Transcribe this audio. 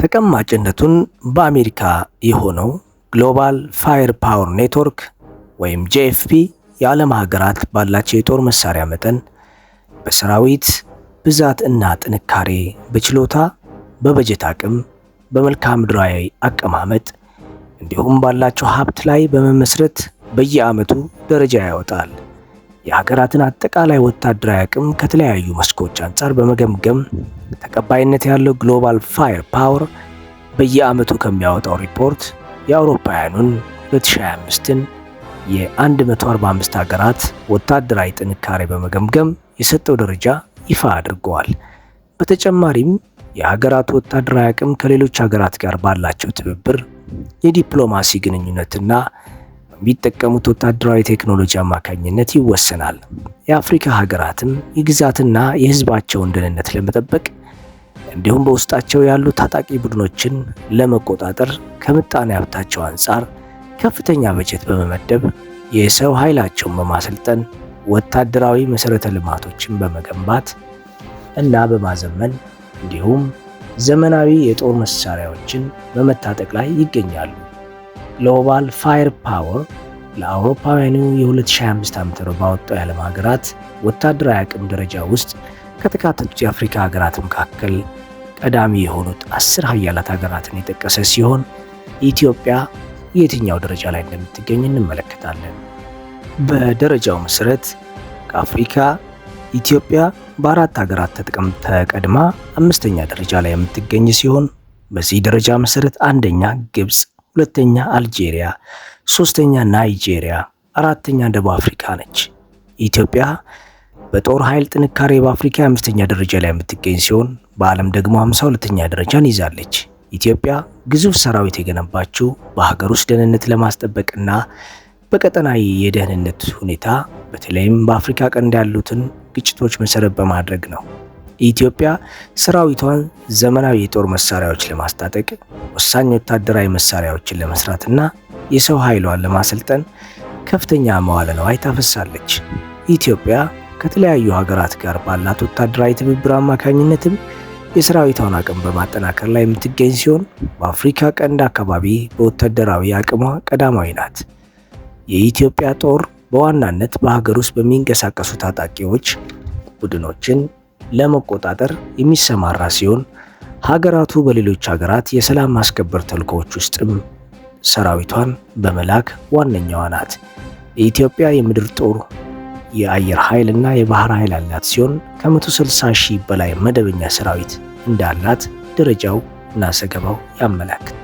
ተቀማጭነቱን በአሜሪካ የሆነው ግሎባል ፋየር ፓወር ኔትወርክ ወይም ጄኤፍፒ የዓለም ሀገራት ባላቸው የጦር መሳሪያ መጠን፣ በሰራዊት ብዛት እና ጥንካሬ፣ በችሎታ፣ በበጀት አቅም፣ በመልክዓ ምድራዊ አቀማመጥ እንዲሁም ባላቸው ሀብት ላይ በመመስረት በየዓመቱ ደረጃ ያወጣል። የሀገራትን አጠቃላይ ወታደራዊ አቅም ከተለያዩ መስኮች አንጻር በመገምገም ተቀባይነት ያለው ግሎባል ፋየር ፓወር በየዓመቱ ከሚያወጣው ሪፖርት የአውሮፓውያኑን 2025ን የ145 ሀገራት ወታደራዊ ጥንካሬ በመገምገም የሰጠው ደረጃ ይፋ አድርገዋል። በተጨማሪም የሀገራቱ ወታደራዊ አቅም ከሌሎች ሀገራት ጋር ባላቸው ትብብር የዲፕሎማሲ ግንኙነትና የሚጠቀሙት ወታደራዊ ቴክኖሎጂ አማካኝነት ይወሰናል። የአፍሪካ ሀገራትም የግዛትና የሕዝባቸውን ደህንነት ለመጠበቅ እንዲሁም በውስጣቸው ያሉ ታጣቂ ቡድኖችን ለመቆጣጠር ከምጣኔ ሀብታቸው አንጻር ከፍተኛ በጀት በመመደብ የሰው ኃይላቸውን በማሰልጠን ወታደራዊ መሰረተ ልማቶችን በመገንባት እና በማዘመን እንዲሁም ዘመናዊ የጦር መሳሪያዎችን በመታጠቅ ላይ ይገኛሉ። ግሎባል ፋየር ፓወር ለአውሮፓውያኑ የ2025 ዓ.ም ባወጣው የዓለም ሀገራት ወታደራዊ አቅም ደረጃ ውስጥ ከተካተቱት የአፍሪካ ሀገራት መካከል ቀዳሚ የሆኑት አስር ሀያላት ሀገራትን የጠቀሰ ሲሆን ኢትዮጵያ የትኛው ደረጃ ላይ እንደምትገኝ እንመለከታለን። በደረጃው መሰረት ከአፍሪካ ኢትዮጵያ በአራት ሀገራት ተጥቀም ተቀድማ አምስተኛ ደረጃ ላይ የምትገኝ ሲሆን በዚህ ደረጃ መሰረት አንደኛ ግብፅ ሁለተኛ አልጄሪያ፣ ሶስተኛ ናይጄሪያ፣ አራተኛ ደቡብ አፍሪካ ነች። ኢትዮጵያ በጦር ኃይል ጥንካሬ በአፍሪካ አምስተኛ ደረጃ ላይ የምትገኝ ሲሆን በዓለም ደግሞ ሃምሳ ሁለተኛ ደረጃን ይዛለች። ኢትዮጵያ ግዙፍ ሰራዊት የገነባችው በሀገር ውስጥ ደህንነት ለማስጠበቅና በቀጠናዊ የደህንነት ሁኔታ በተለይም በአፍሪካ ቀንድ ያሉትን ግጭቶች መሰረት በማድረግ ነው። ኢትዮጵያ ሰራዊቷን ዘመናዊ የጦር መሳሪያዎች ለማስታጠቅ ወሳኝ ወታደራዊ መሳሪያዎችን ለመስራትና የሰው ኃይሏን ለማሰልጠን ከፍተኛ መዋለ ንዋይ ታፈሳለች። ኢትዮጵያ ከተለያዩ ሀገራት ጋር ባላት ወታደራዊ ትብብር አማካኝነትም የሰራዊቷን አቅም በማጠናከር ላይ የምትገኝ ሲሆን በአፍሪካ ቀንድ አካባቢ በወታደራዊ አቅሟ ቀዳማዊ ናት። የኢትዮጵያ ጦር በዋናነት በሀገር ውስጥ በሚንቀሳቀሱ ታጣቂዎች ቡድኖችን ለመቆጣጠር የሚሰማራ ሲሆን ሀገራቱ በሌሎች ሀገራት የሰላም ማስከበር ተልእኮዎች ውስጥም ሰራዊቷን በመላክ ዋነኛዋ ናት። የኢትዮጵያ የምድር ጦር የአየር ኃይል እና የባህር ኃይል አላት ሲሆን ከ160 ሺህ በላይ መደበኛ ሰራዊት እንዳላት ደረጃው እና ዘገባው ያመላክታል።